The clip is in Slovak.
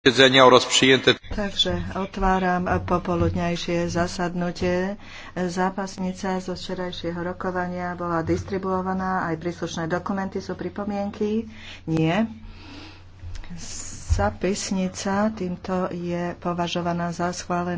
Takže otváram popoludňajšie zasadnutie. Zápasnica zo včerajšieho rokovania bola distribuovaná, aj príslušné dokumenty sú pripomienky. Nie. Zápisnica týmto je považovaná za schválené.